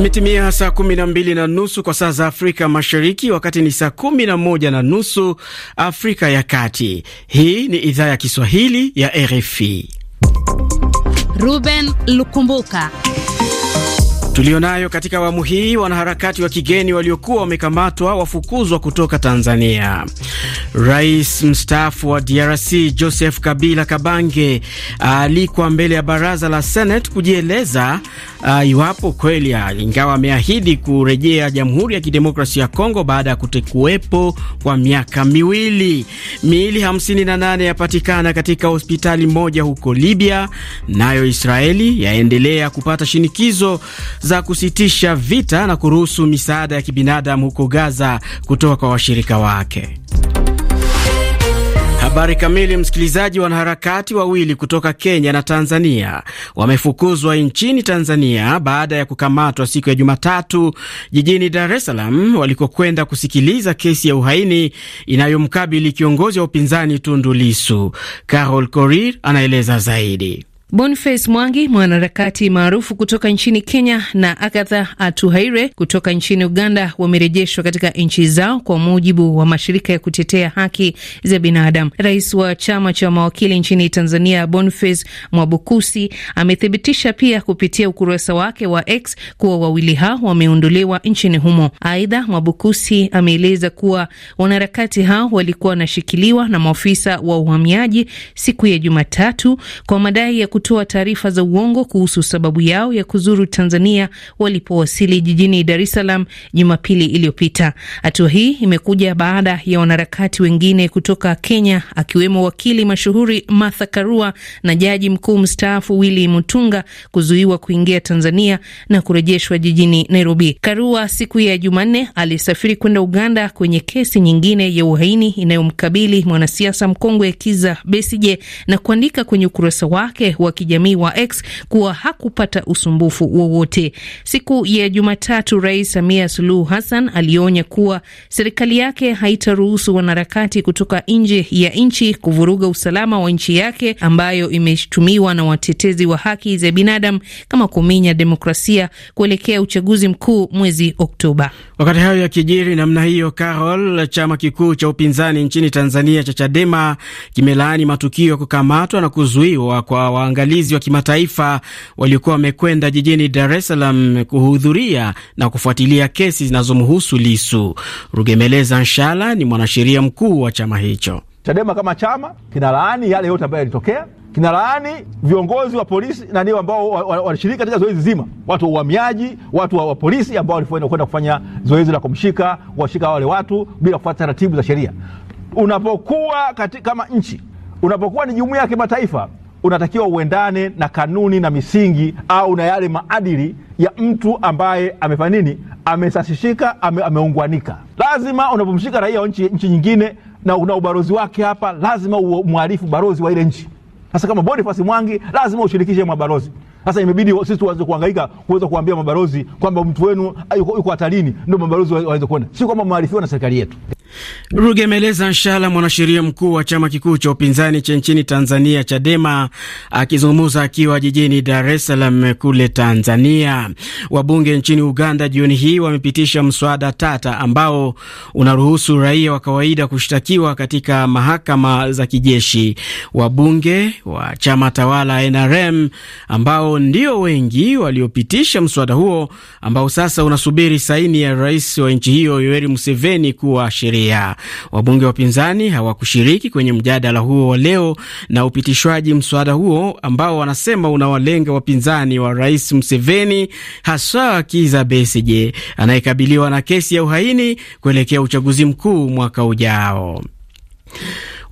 Imetimia saa kumi na mbili na nusu kwa saa za Afrika Mashariki, wakati ni saa kumi na moja na nusu Afrika ya Kati. Hii ni idhaa ya Kiswahili ya RFI. Ruben Lukumbuka tulionayo katika awamu hii. Wanaharakati wa kigeni waliokuwa wamekamatwa wafukuzwa kutoka Tanzania. Rais mstaafu wa DRC Joseph Kabila Kabange alikwa mbele ya baraza la Senate kujieleza uh, iwapo kweli, ah, ingawa ameahidi kurejea Jamhuri ya Kidemokrasia ya Kongo baada ya kutekuwepo kwa miaka miwili. Miili 58 yapatikana katika hospitali moja huko Libya, nayo Israeli yaendelea kupata shinikizo za kusitisha vita na kuruhusu misaada ya kibinadamu huko Gaza kutoka kwa washirika wake. Habari kamili, msikilizaji. Wanaharakati wawili kutoka Kenya na Tanzania wamefukuzwa nchini Tanzania baada ya kukamatwa siku ya Jumatatu jijini Dar es Salaam walikokwenda kusikiliza kesi ya uhaini inayomkabili kiongozi wa upinzani Tundu Lisu. Carol Korir anaeleza zaidi. Boniface Mwangi, mwanaharakati maarufu kutoka nchini Kenya, na Agatha Atuhaire kutoka nchini Uganda wamerejeshwa katika nchi zao kwa mujibu wa mashirika ya kutetea haki za binadamu. Rais wa chama cha mawakili nchini Tanzania, Boniface Mwabukusi, amethibitisha pia kupitia ukurasa wake wa X kuwa wawili hao wameondolewa nchini humo. Aidha, Mwabukusi ameeleza kuwa wanaharakati hao walikuwa wanashikiliwa na maofisa wa uhamiaji siku ya Jumatatu kwa madai ya kutoa taarifa za uongo kuhusu sababu yao ya kuzuru Tanzania walipowasili jijini Dar es Salaam Jumapili iliyopita. Hatua hii imekuja baada ya wanaharakati wengine kutoka Kenya, akiwemo wakili mashuhuri Martha Karua na jaji mkuu mstaafu Willy Mutunga kuzuiwa kuingia Tanzania na kurejeshwa jijini Nairobi. Karua siku ya Jumanne alisafiri kwenda Uganda kwenye kesi nyingine ya uhaini inayomkabili mwanasiasa mkongwe Kiza Besije na kuandika kwenye ukurasa wake wa wa kijamii wa X kuwa hakupata usumbufu wowote. Siku ya Jumatatu, Rais Samia Suluhu Hassan alionya kuwa serikali yake haitaruhusu wanaharakati kutoka nje ya nchi kuvuruga usalama wa nchi yake ambayo imeshutumiwa na watetezi wa haki za binadamu kama kuminya demokrasia kuelekea uchaguzi mkuu mwezi Oktoba. Wakati hayo yakijiri namna hiyo, Carol, chama kikuu cha upinzani nchini Tanzania cha Chadema kimelaani matukio ya kukamatwa na kuzuiwa kwa wanga waangalizi wa kimataifa waliokuwa wamekwenda jijini Dar es Salaam kuhudhuria na kufuatilia kesi zinazomhusu Lisu. Rugemeleza Nshala ni mwanasheria mkuu wa chama hicho. Chadema kama chama kinalaani yale yote ambayo yalitokea, kinalaani viongozi wa polisi nani ambao walishiriki katika zoezi zima, watu wa uhamiaji, watu wa wa polisi ambao walikwenda kufanya zoezi la kumshika kuwashika wale watu bila kufuata taratibu za sheria. Unapokuwa kati, kama nchi unapokuwa ni jumuiya ya kimataifa unatakiwa uendane na kanuni na misingi au na yale maadili ya mtu ambaye amefanya nini, amesasishika, ame, ameungwanika. Lazima unapomshika raia wa nchi, nchi nyingine na una ubalozi wake hapa, lazima umwarifu balozi wa ile nchi. Sasa kama Boniface Mwangi, lazima ushirikishe mabalozi. Sasa imebidi sisi tuanze kuhangaika kuweza kuambia mabalozi kwamba mtu wenu yuko hatarini, ndio mabalozi waweze kuona, si kwamba mwarifiwa na serikali yetu. Rugemeleza Nshala, mwanasheria mkuu wa chama kikuu cha upinzani cha nchini Tanzania, Chadema, akizungumza akiwa jijini Dar es Salaam kule Tanzania. Wabunge nchini Uganda jioni hii wamepitisha mswada tata ambao unaruhusu raia wa kawaida kushtakiwa katika mahakama za kijeshi. Wabunge wa chama tawala NRM, ambao ndio wengi waliopitisha mswada huo ambao sasa unasubiri saini ya rais wa nchi hiyo Yoweri Museveni kuwa sheria. Wabunge wa upinzani hawakushiriki kwenye mjadala huo wa leo na upitishwaji mswada huo ambao wanasema unawalenga wapinzani wa Rais Museveni, haswa Kizza Besigye anayekabiliwa na kesi ya uhaini kuelekea uchaguzi mkuu mwaka ujao.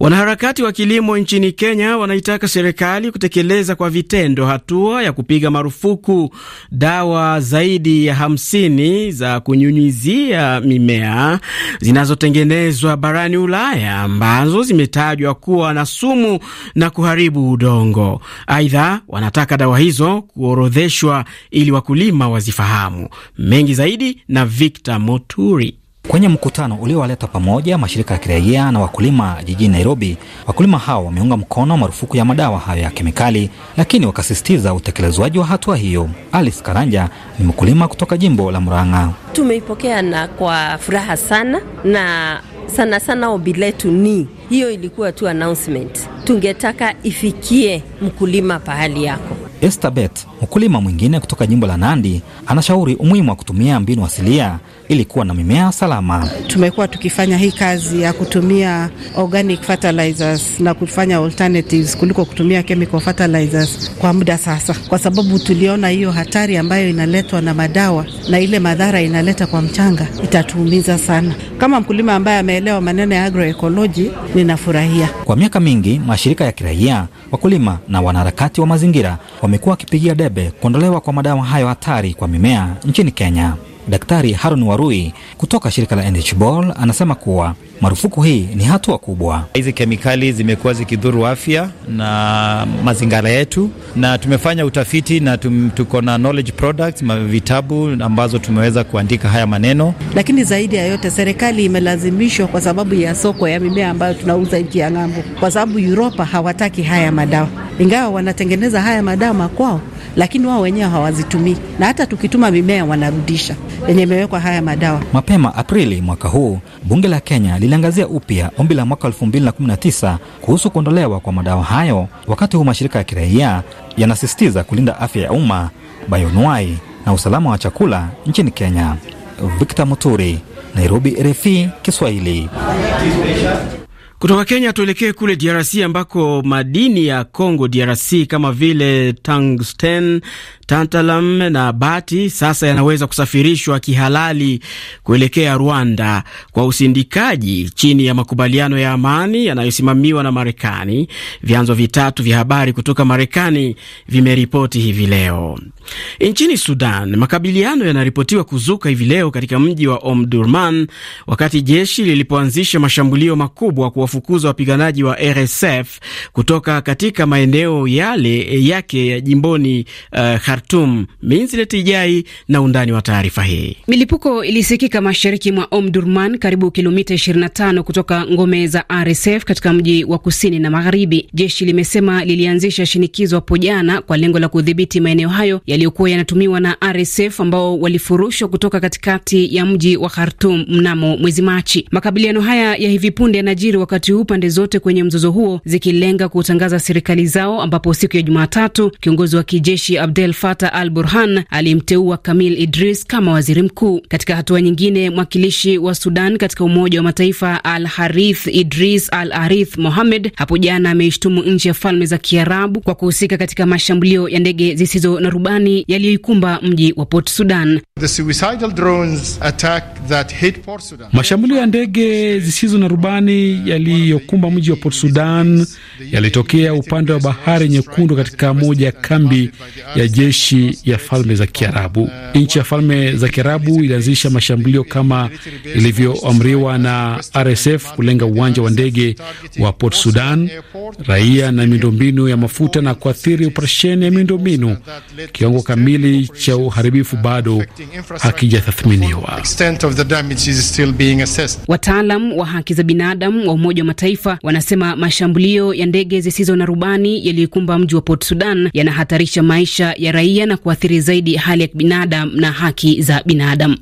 Wanaharakati wa kilimo nchini Kenya wanaitaka serikali kutekeleza kwa vitendo hatua ya kupiga marufuku dawa zaidi ya hamsini za kunyunyizia mimea zinazotengenezwa barani Ulaya ambazo zimetajwa kuwa na sumu na kuharibu udongo. Aidha, wanataka dawa hizo kuorodheshwa ili wakulima wazifahamu. Mengi zaidi na Victor Moturi. Kwenye mkutano uliowaleta pamoja mashirika ya kiraia na wakulima jijini Nairobi, wakulima hao wameunga mkono marufuku ya madawa hayo ya kemikali, lakini wakasisitiza utekelezwaji wa hatua hiyo. Alice Karanja ni mkulima kutoka jimbo la Murang'a. Tumeipokea na kwa furaha sana na sana sana ombi letu ni hiyo, ilikuwa tu announcement, tungetaka ifikie mkulima pahali yako Estabet, mkulima mwingine kutoka jimbo la Nandi, anashauri umuhimu wa kutumia mbinu asilia ili kuwa na mimea salama. Tumekuwa tukifanya hii kazi ya kutumia organic fertilizers na kufanya alternatives kuliko kutumia chemical fertilizers kwa muda sasa, kwa sababu tuliona hiyo hatari ambayo inaletwa na madawa na ile madhara inaleta kwa mchanga itatuumiza sana. Kama mkulima ambaye ameelewa maneno ya agroekoloji, ninafurahia. Kwa miaka mingi mashirika ya kiraia, wakulima na wanaharakati wa mazingira wamekuwa wakipigia debe kuondolewa kwa madawa hayo hatari kwa mimea nchini Kenya. Daktari Harun Warui kutoka shirika la NHBall anasema kuwa marufuku hii ni hatua kubwa. Hizi kemikali zimekuwa zikidhuru afya na mazingira yetu, na tumefanya utafiti na tum, tuko na knowledge products, vitabu ambazo tumeweza kuandika haya maneno. Lakini zaidi ya yote, serikali imelazimishwa kwa sababu ya soko ya mimea ambayo tunauza nchi ya ng'ambo, kwa sababu Uropa hawataki haya madawa, ingawa wanatengeneza haya madawa kwao lakini wao wenyewe hawazitumii, na hata tukituma mimea wanarudisha yenye imewekwa haya madawa. Mapema Aprili mwaka huu bunge la Kenya liliangazia upya ombi la mwaka 2019 kuhusu kuondolewa kwa madawa hayo, wakati huu mashirika ya kiraia yanasisitiza kulinda afya ya umma, bayonwai na usalama wa chakula nchini Kenya. Victor Muturi, Nairobi, RFI Kiswahili. Kutoka Kenya tuelekee kule DRC ambako madini ya Congo DRC kama vile tungsten tantalum na bati sasa yanaweza kusafirishwa kihalali kuelekea Rwanda kwa usindikaji chini ya makubaliano ya amani yanayosimamiwa na Marekani, vyanzo vitatu vya habari kutoka Marekani vimeripoti hivi leo. Nchini Sudan, makabiliano yanaripotiwa kuzuka hivi leo katika mji wa Omdurman wakati jeshi lilipoanzisha mashambulio makubwa kuwafukuza wapiganaji wa RSF kutoka katika maeneo yale yake ya jimboni uh, Khartum. Minzilet Ijai na undani wa taarifa hii. Milipuko ilisikika mashariki mwa Omdurman, karibu kilomita 25 kutoka ngome za RSF katika mji wa kusini na magharibi. Jeshi limesema lilianzisha shinikizo hapo jana kwa lengo la kudhibiti maeneo hayo yaliyokuwa yanatumiwa na RSF ambao walifurushwa kutoka katikati ya mji wa Khartum mnamo mwezi Machi. Makabiliano haya ya hivi punde yanajiri wakati huu pande zote kwenye mzozo huo zikilenga kutangaza serikali zao, ambapo siku ya Jumatatu kiongozi wa kijeshi Abdel Fattah Fata Al Burhan alimteua Kamil Idris kama waziri mkuu. Katika hatua nyingine, mwakilishi wa Sudan katika Umoja wa Mataifa Al Harith Idris Al Arith Mohamed hapo jana ameishtumu nchi ya Falme za Kiarabu kwa kuhusika katika mashambulio ya ndege zisizo na rubani yaliyoikumba mji wa Port Sudan. Mashambulio ya ndege zisizo na rubani yaliyokumba mji wa Port Sudan yalitokea upande wa Bahari Nyekundu katika moja ya kambi ya jeshi majeshi ya falme za Kiarabu. Nchi ya falme za Kiarabu ilianzisha mashambulio kama ilivyoamriwa na RSF kulenga uwanja wa ndege wa Port Sudan, raia na miundombinu ya mafuta na kuathiri operesheni ya miundombinu. Kiwango kamili cha uharibifu bado hakijatathminiwa. Wataalam wa haki za binadamu wa Umoja wa Mataifa wanasema mashambulio ya ndege zisizo na rubani yaliyokumba mji wa Port Sudan yanahatarisha maisha ya raia raia na kuathiri zaidi hali ya kibinadamu na haki za binadamu.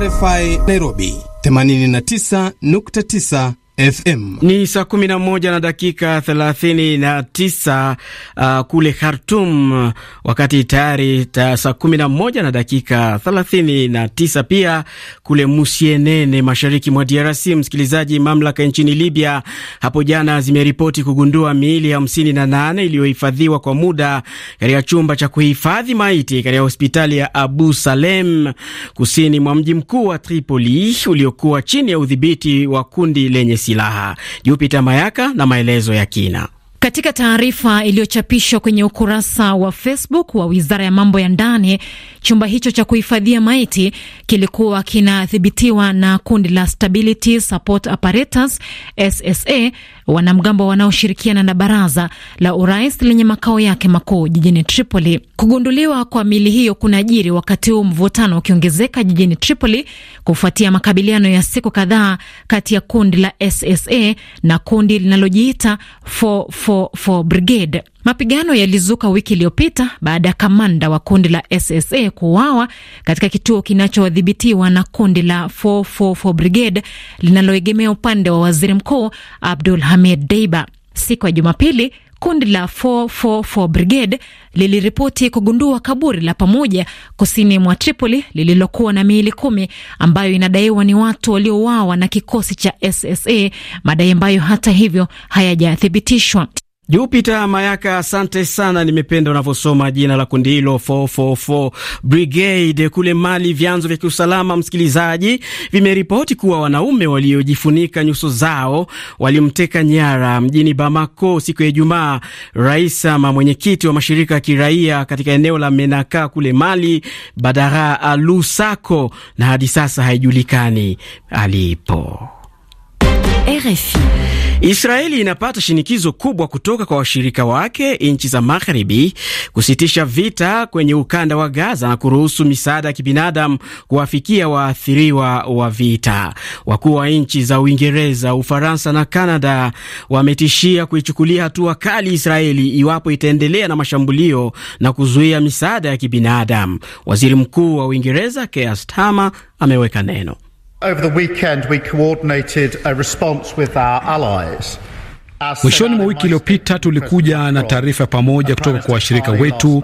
RFI Nairobi 89.9 FM. Ni saa kumi na dakika 39 uh, kule Khartoum, wakati tayari ta saa 11 na dakika 39 pia kule Musienene, mashariki mwa DRC. Msikilizaji, mamlaka nchini Libya hapo jana zimeripoti kugundua miili 58 na iliyohifadhiwa kwa muda katika chumba cha kuhifadhi maiti katika hospitali ya Abu Salem kusini mwa mji mkuu wa Tripoli uliokuwa chini ya udhibiti wa kundi lenye siasa silaha. Jupita Mayaka na maelezo ya kina. Katika taarifa iliyochapishwa kwenye ukurasa wa Facebook wa Wizara ya Mambo ya Ndani, chumba hicho cha kuhifadhia maiti kilikuwa kinadhibitiwa na kundi la Stability Support Apparatus SSA, wanamgambo wanaoshirikiana na baraza la urais lenye makao yake makuu jijini Tripoli. Kugunduliwa kwa mili hiyo kunajiri wakati huu mvutano ukiongezeka jijini Tripoli kufuatia makabiliano ya siku kadhaa kati ya kundi la SSA na kundi linalojiita 444 Brigade. Mapigano yalizuka wiki iliyopita baada ya kamanda wa kundi la SSA kuuawa katika kituo kinachodhibitiwa na kundi la 444 Brigade linaloegemea upande wa waziri mkuu Abdul Hamid Deiba. Siku ya Jumapili kundi la 444 Brigade liliripoti kugundua kaburi la pamoja kusini mwa Tripoli lililokuwa na miili kumi ambayo inadaiwa ni watu waliouawa na kikosi cha SSA, madai ambayo hata hivyo hayajathibitishwa. Jupiter Mayaka, asante sana, nimependa unavyosoma jina la kundi hilo 444 Brigade kule Mali. Vyanzo vya kiusalama, msikilizaji, vimeripoti kuwa wanaume waliojifunika nyuso zao walimteka nyara mjini Bamako siku ya Ijumaa rais ama mwenyekiti wa mashirika ya kiraia katika eneo la Menaka kule Mali, Badara Alusako, na hadi sasa haijulikani alipo. RFI. Israeli inapata shinikizo kubwa kutoka kwa washirika wake nchi za magharibi kusitisha vita kwenye ukanda wa Gaza na kuruhusu misaada ya kibinadamu kuwafikia waathiriwa wa vita. Wakuu wa nchi za Uingereza, Ufaransa na Kanada wametishia kuichukulia hatua kali Israeli iwapo itaendelea na mashambulio na kuzuia misaada ya kibinadamu. Waziri Mkuu wa Uingereza Keir Starmer ameweka neno Mwishoni mwa wiki iliyopita tulikuja na taarifa pamoja kutoka kwa washirika wetu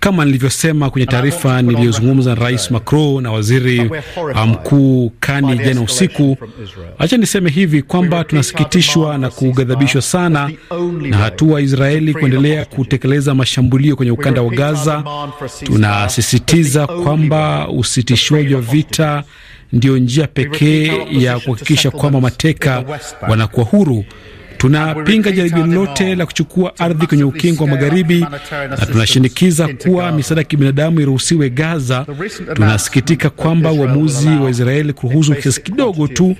kama nilivyosema kwenye taarifa niliyozungumza na Rais Macron na waziri ah, mkuu Kani jana usiku, acha niseme hivi kwamba tunasikitishwa na kughadhabishwa sana na hatua Israeli kuendelea kutekeleza mashambulio kwenye ukanda wa Gaza. Tunasisitiza kwamba usitishwaji wa vita ndiyo njia pekee ya kuhakikisha kwamba mateka wanakuwa huru. Tunapinga jaribio lote la kuchukua ardhi kwenye ukingo wa magharibi na tunashinikiza kuwa misaada ya kibinadamu iruhusiwe Gaza. Tunasikitika kwamba uamuzi wa Israeli kuruhusu kiasi kidogo tu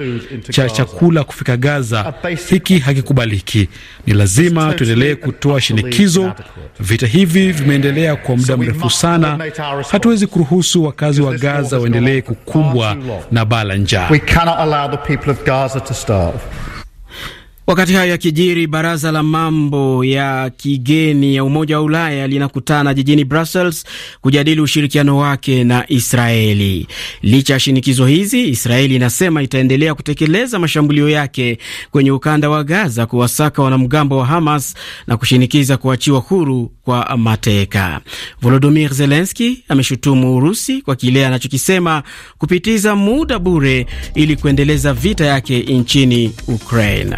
cha chakula kufika Gaza, hiki hakikubaliki. Ni lazima tuendelee kutoa shinikizo. Vita hivi vimeendelea kwa muda mrefu sana. Hatuwezi kuruhusu wakazi wa Gaza waendelee kukumbwa na baa njaa. Wakati hayo yakijiri, baraza la mambo ya kigeni ya Umoja wa Ulaya linakutana jijini Brussels kujadili ushirikiano wake na Israeli. Licha ya shinikizo hizi, Israeli inasema itaendelea kutekeleza mashambulio yake kwenye ukanda wa Gaza, kuwasaka wanamgambo wa Hamas na kushinikiza kuachiwa huru kwa mateka. volodimir zelenski ameshutumu Urusi kwa kile anachokisema kupitiza muda bure ili kuendeleza vita yake nchini Ukraine.